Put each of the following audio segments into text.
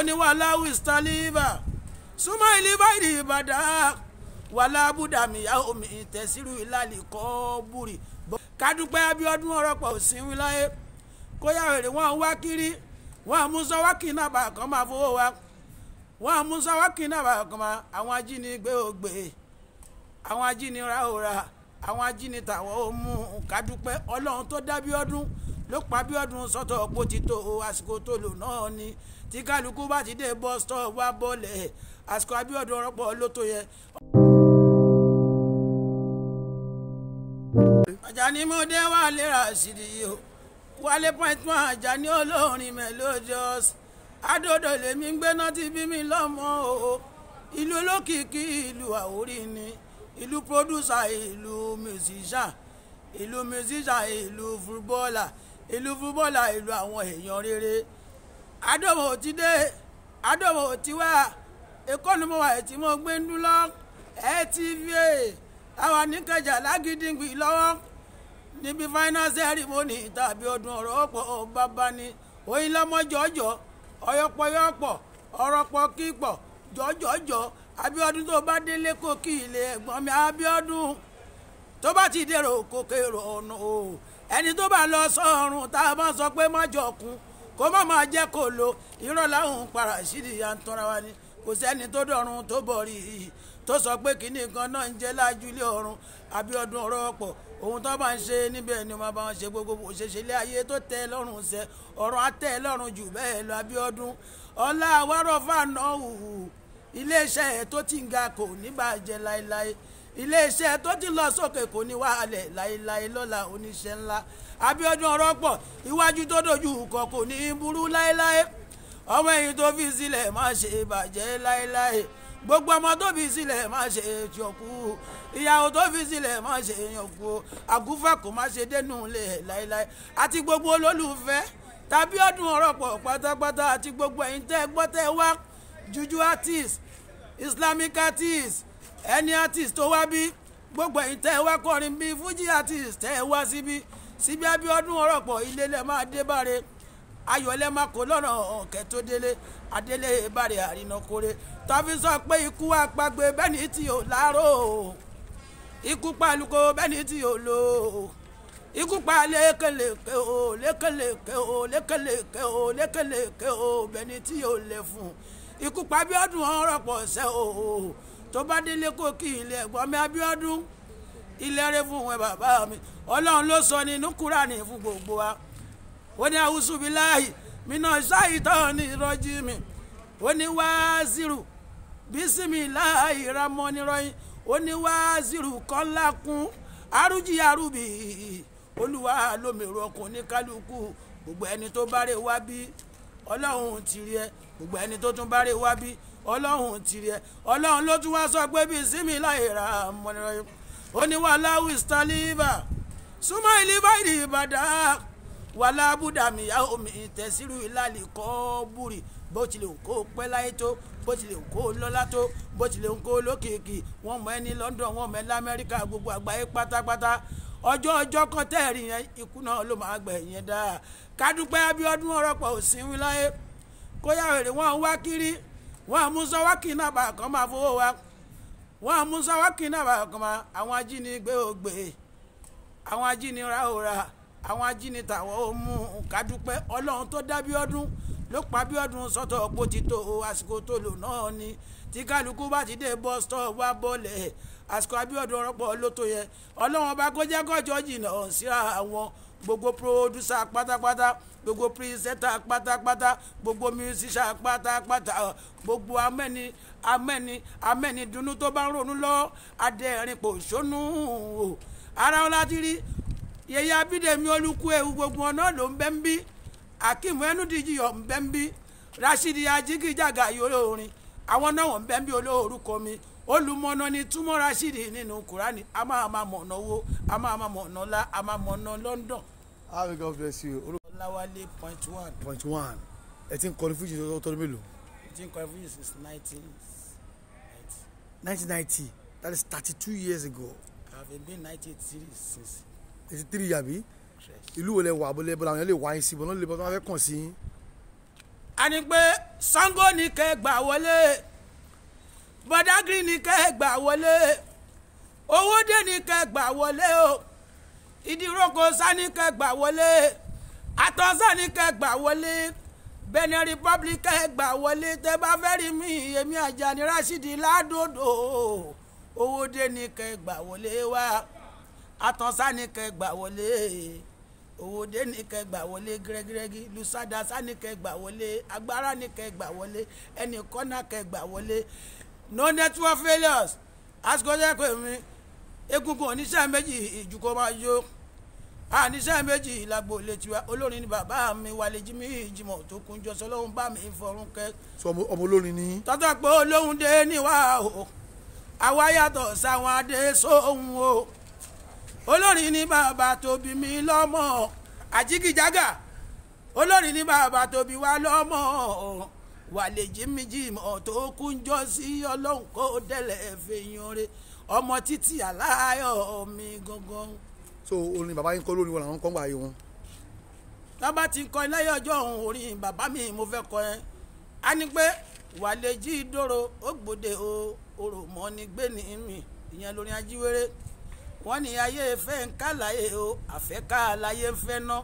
ó ní wàhálà wìstálíbà súnmọ́ ìlíbà ìdìbàdà wàhálà búdàmíyá omi ìtẹ̀síru ìlàlì kọ́ búrì. kádúpẹ́ abíọ́dún ọ̀rọ̀pọ̀ òsín wíláyé kóyà wèrè wọ́n wá kiri wọ́n mú sọ́wọ́ kìnnàbà kan máa fowó wa wọ́n mú sọ́wọ́ kìnnàbà kan máa àwọn ajínigbé ò àwọn ajínira ò àwọn ajínita wọn ò mú kádúpẹ́ ọlọ́run tó dá bíọ́dún ló pa bíọ́dún sọ́tọ̀ ọ̀pọ̀ títò àsìkò tó lò náà ni tí kálukú bá ti dé bus stop wá bọ́ọ̀lẹ̀ àsìkò Abíọ́dún ọ̀rọ̀pọ̀ ló tó yẹ. Àjàní mo dé wà lera sídi o wálé point one Àjàní olórin melodious adódò lèmi ń gbéná ti bí mi lọ́mọ o ìlú olókìkí ìlú Àwórì ni ìlú producer ìlú musician ìlú musician ìlú footballer ìlú footballer ìlú àwọn èèyàn rere. adóhùn ti dé adóhùn ti wá èkó ni mo wà tí mo gbé ń dún lọ LTVA táwa ní Ìkẹjà lágídíngbì lọ́wọ́ níbi final ceremony tàbí ọdún ọ̀rọ̀ ọ̀pọ̀ bàbá ni oyin lọ́mọ jọ̀ọ́jọ́ ọ̀yọ́pọ̀yọ́pọ̀ ọ̀rọ̀pọ̀ kípọ̀ jọ̀ọ́jọ́jọ́ Abíọ́dún tó bá délé kókì ilé ẹ̀gbọ́n mi Abíọ́dún tó bá ti dèrò kókèrò ọ̀nà o ẹni tó bá lọ sọ́run tá a bá sọ pé ma jọkun kó má máa jẹ́ kó lo irọ́ láwọn para ìṣídìí ya ń tanra wa ni kò sẹ́ni tó dọ̀run tó bọ̀rí tó sọ pé kínní kan náà ń jẹ́ lájú ilé ọ̀run Abíọ́dún Ọ̀rọ̀pọ̀ ohun tó bá ń ṣe níbẹ̀ ni wọ́n bá ń ṣe gbogbo òṣèṣe ilé ayé tó tẹ́ lọ́rùn sẹ́ ọ̀run á tẹ́ lọ́rùn jù bẹ́ẹ̀ lọ Abíọ́dún ọlá àwárọ̀ fàánà hùhù iléeṣẹ́ tó ti ń ga kò ní bàjẹ́ láéláé iléeṣẹ́ tó ti lọ sókè kò ní wàhálẹ̀ láéláé lọ́la oníṣẹ́ ńlá Abíọ́dún Ọ̀rọ́pọ̀ iwájú tó dojú kọ kò ní í burú láéláé ọmọ ẹ̀yìn tó fi sílẹ̀ má ṣe bàjẹ́ láéláé gbogbo ọmọ tó fi sílẹ̀ má ṣe yọkú ìyàwó tó fi sílẹ̀ má ṣe yọkú àgúfà kò má ṣe dénú lẹ̀ e láéláé àti gbogbo olólùfẹ́ tàbí ọdún Ọ̀rọ̀pọ̀ pátápátá àti gbogbo ẹ̀yin tẹ́ gbọ́ tẹ́ wá juju artist Islamic artist ẹni artist tó wá bí gbogbo ẹ̀yin tẹ́ wá kọrin bí Fuji artist tẹ́ wá síbí. Si síbi Abíọ́dún ọ̀rọ̀ pọ̀ ilé lẹ máa dé báre ayọ̀lẹ̀ máa kó lọ́nà ọ̀kẹ́ tó délé adélé báre àrínàkóre tọ́fi sọ pé ikú àpagbè bẹ́ẹ̀ ni tí ò láró ikú pàlùkò bẹ́ẹ̀ ni tí ò lò ikú pa lékeleke o lékeleke o lékeleke o lékeleke o bẹ́ẹ̀ ni tí ò lè fún ikú pa Abíọ́dún ọ̀rọ̀ pọ̀ sẹ́ o tó bá délé kó kí ilé ẹ̀gbọ́n mi Abíọ́dún ilẹ̀rẹ̀ fún wọn bàbá mi ọlọ́run ló sọ nínú kúránì fún gbogbo wa ó ní àwùsù mi náà ṣáìtàn ní ìrọ́jì mi ó ní wáásìrù bísímì láàyè ramọ́ nírọ́yìn ó ní wáásìrù kọ́lá kún arújì arúbì olúwa lómìnira ọkùnrin kálukú gbogbo ẹni tó bá rè wá bí ọlọ́run ti rí ẹ gbogbo ẹni tó tún bá rè wá bí ọlọ́run ti rí ẹ ọlọ́run ló tún wá sọ pé bísímì láàyè ramọ́ nírọ́yìn. oníwàláwù ìsítálíbà súnmọ́ ìlíbà ìdìbàdà wàlá abúdàmì yá omi ìtẹ̀síru ìlàlì kọ́ búrì bó tilẹ̀ kó pẹ́ láyé tó bó tilẹ̀ kó lọ́lá tó bó tilẹ̀ kó wọ́n mọ̀ ẹ́ ní London wọ́n mọ̀ ẹ́ lamẹ́ríkà gbogbo àgbáyé pátápátá ọjọ́ ọjọ́ kan yẹn ikú náà ló máa gbẹ̀ yẹn ọ̀rọ̀pọ̀ òsínwí láyé wá kiri wa. wọ́n mú sáwákì náà bá kàn máa àwọn ajínigbé ò gbé àwọn ajínira ò ra àwọn ajínita wọn ò mú kádúpẹ́ ọlọ́run tó dá Bíọ́dún ló pa Bíọ́dún sọ́tọ̀ ọ̀pọ̀ ti tó àsìkò tó lò náà ni tí kálukú bá ti dé bọ́ stọ́ọ̀ wá àsìkò Abíọ́dún ọ̀rọ̀pọ̀ ló tó yẹ ọlọ́run ọba kó jẹ́ kọ́jọ́ jìnnà síra àwọn gbogbo producer pátápátá gbogbo presenter pátápátá gbogbo musician pátápátá gbogbo amẹ́ni amẹ́ni amẹ́ni dunu tó bá ń ronú lọ adẹ́rìn pò sónú o ara wọn láti rí yẹyẹ abídèmí olúkú ewu gbogbo ọ̀nà ló ń bẹ́ ń bí akeem ẹnudíjì ń bẹ́ ń bí rashidi ajigijaga yóò rìn àwọn náà wọ́n ń bẹ́ ń bí olóorúkọ mi olùmọ̀nà ni túmọ̀ rashidi nínú kùránì a máa ma mọ̀nà owó a máa ma mọ̀nà ọlá a máa mọ̀nà London. Abi God bless you. Ọláwálé point one. point one ẹ ti ń kọrin fújì tọdún mélòó. ẹ ti ń kọrin fújì since nineteen ninety. that is thirty two years ago. I have been ninety three since. eighty three yàbí ìlú wo lẹ wà abúlé bọ́lá àwọn yẹn lè wá yín sí bọ́lá lè bọ́ tó máa fẹ́ kàn sí. a ní pé Ṣàngó ni kẹ́ gbà wọlé bọ̀dágìrì ni kẹ́ ẹ gbà wọlé owó dé ni kẹ́ ẹ gbà wọlé o ìdíròkò sá ni kẹ́ ẹ gbà wọlé àtọ́sá ni kẹ́ ẹ gbà wọlé benin republic kẹ́ ẹ gbà wọlé tẹ́ bá fẹ́ rí mi èmi Àjàní Rásídì ládòdò owó dé ni kẹ́ ẹ gbà wọlé wá àtọ́sá ni kẹ́ ẹ gbà wọlé òwòde ní kẹ gbà wọlé gírẹgírẹgí ni ní kẹ gbà wọlé agbára ní kẹ gbà wọlé ẹnìkọ́nà kẹ gbà wọlé no network failures àsìkò jẹ́ pé mi egungun oníṣẹ́ méjì ìjùkọ́ máa yó àníṣẹ́ méjì ìlàgbò létiwa olórin ni bàbá mi wà lè jí mi ìjìmọ̀ tó kún jọsọ lóhun bá mi fọrún kẹ́. sọ ọmọ olórin ni. tọ́tọ́ pé olóhun dé níwá o àwa yàtọ̀ sáwọn adé sóhun o olórin ni bàbá tó mi lọ́mọ àjíkìjágà olórin ni bàbá tó wa lọ́mọ wàlẹ̀ jìmìjìmọ̀ tó kúnjọ́ sí ọlọ́run kó dẹ̀lẹ̀ fèèyàn ọmọ títí aláyọ̀ mi gangan. so orin Baba yín kọ́ lórí wọn làwọn kọ́ ń gbà yé wọn. tábà ti kọ iléyà ọjọ́ òun orin bàbá mi mo fẹ́ kọ ẹ́ a ní pé wàlẹ̀ jí dòrò ó gbòde o orò mọ́ ni gbé ní mi ìyẹn lórí ajíwèrè wọ́n ní ayé fẹ́ ń kàlàyé o àfẹ́ kàlàyé ń fẹ́ ná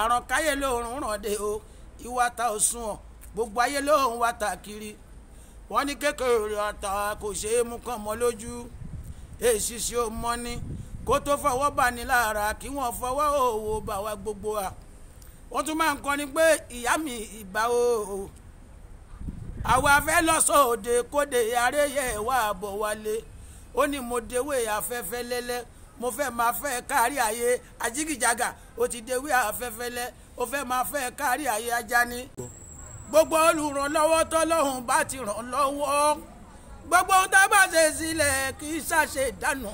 àrànkáyé lóorùn rànde o ìwà ta ò sùn ọ̀ gbogbo ayé ló ń wá tàkiri wọ́n ní kékeré ọ̀tá kò ṣeé mú kàn mọ́ lójú èsì ṣe ó mọ́ ni kó tó fọwọ́ bà ní lára kí wọ́n fọwọ́ òwò bà wá gbogbo à wọ́n tún máa ń kọ́ni pé ìyá mi ìbá o àwa fẹ́ lọ sóde kóde aréyẹ wà bọ̀ wálé ó ní mo dewé afẹ́fẹ́ lẹ́lẹ́ mo fẹ́ máa fẹ́ kárí ayé ajígìjàgà ó ti dewé afẹ́fẹ́ lẹ́ ó fẹ́ máa fẹ́ kárí ayé ajá ni gbogbo olùrànlọ́wọ́ tọ́lọ́hún bá ti ràn lọ́wọ́ gbogbo ohun tá a bá ṣe sílẹ̀ kì í ṣàṣe ìdánù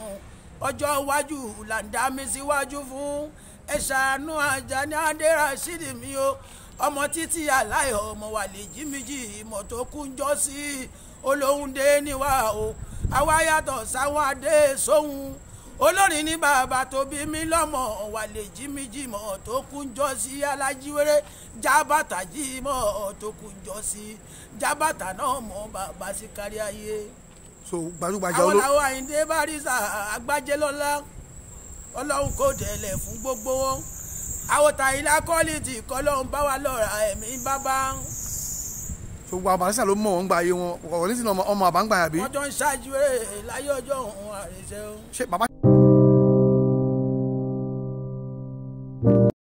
ọjọ́ iwájú là ń dá mi síwájú fún ẹ ṣàánú Àjàní Adérasheed mi o ọmọ títí aláyọ̀ ọmọ wà lè jí mi jì ìmọ̀ tó kú sí olóhùn níwá o àwa yàtọ̀ sáwọn adé sóhun. So olórin ní bàbá tó bí mi lọ́mọ wà lè jí mi jìmọ̀ tó kúnjọ́ sí alájíwéré jábàtà jìmọ̀ tó kúnjọ́ sí jábàtà náà mọ̀ bàbá sí kárí ayé. so gbajúgbajà olórin. àwọn làwọn àyíndé barisa agbájẹlọlá ọlọ́run kò tẹ̀lẹ̀ fún gbogbo wọn àwòtà ilá kọ́lìtì kọ́lọ́run bá wa lọ́ra ẹ̀mí bàbá. so gbogbo àbárísà ló mọ̀ wọ́n gba ayé wọn ọ̀rọ̀ nísìnyí ọmọ àbá ń gbà yàbí. wọ́n jọ ń ṣáájú eré láyé ọjọ́ òun àrèṣe. ṣé bàbá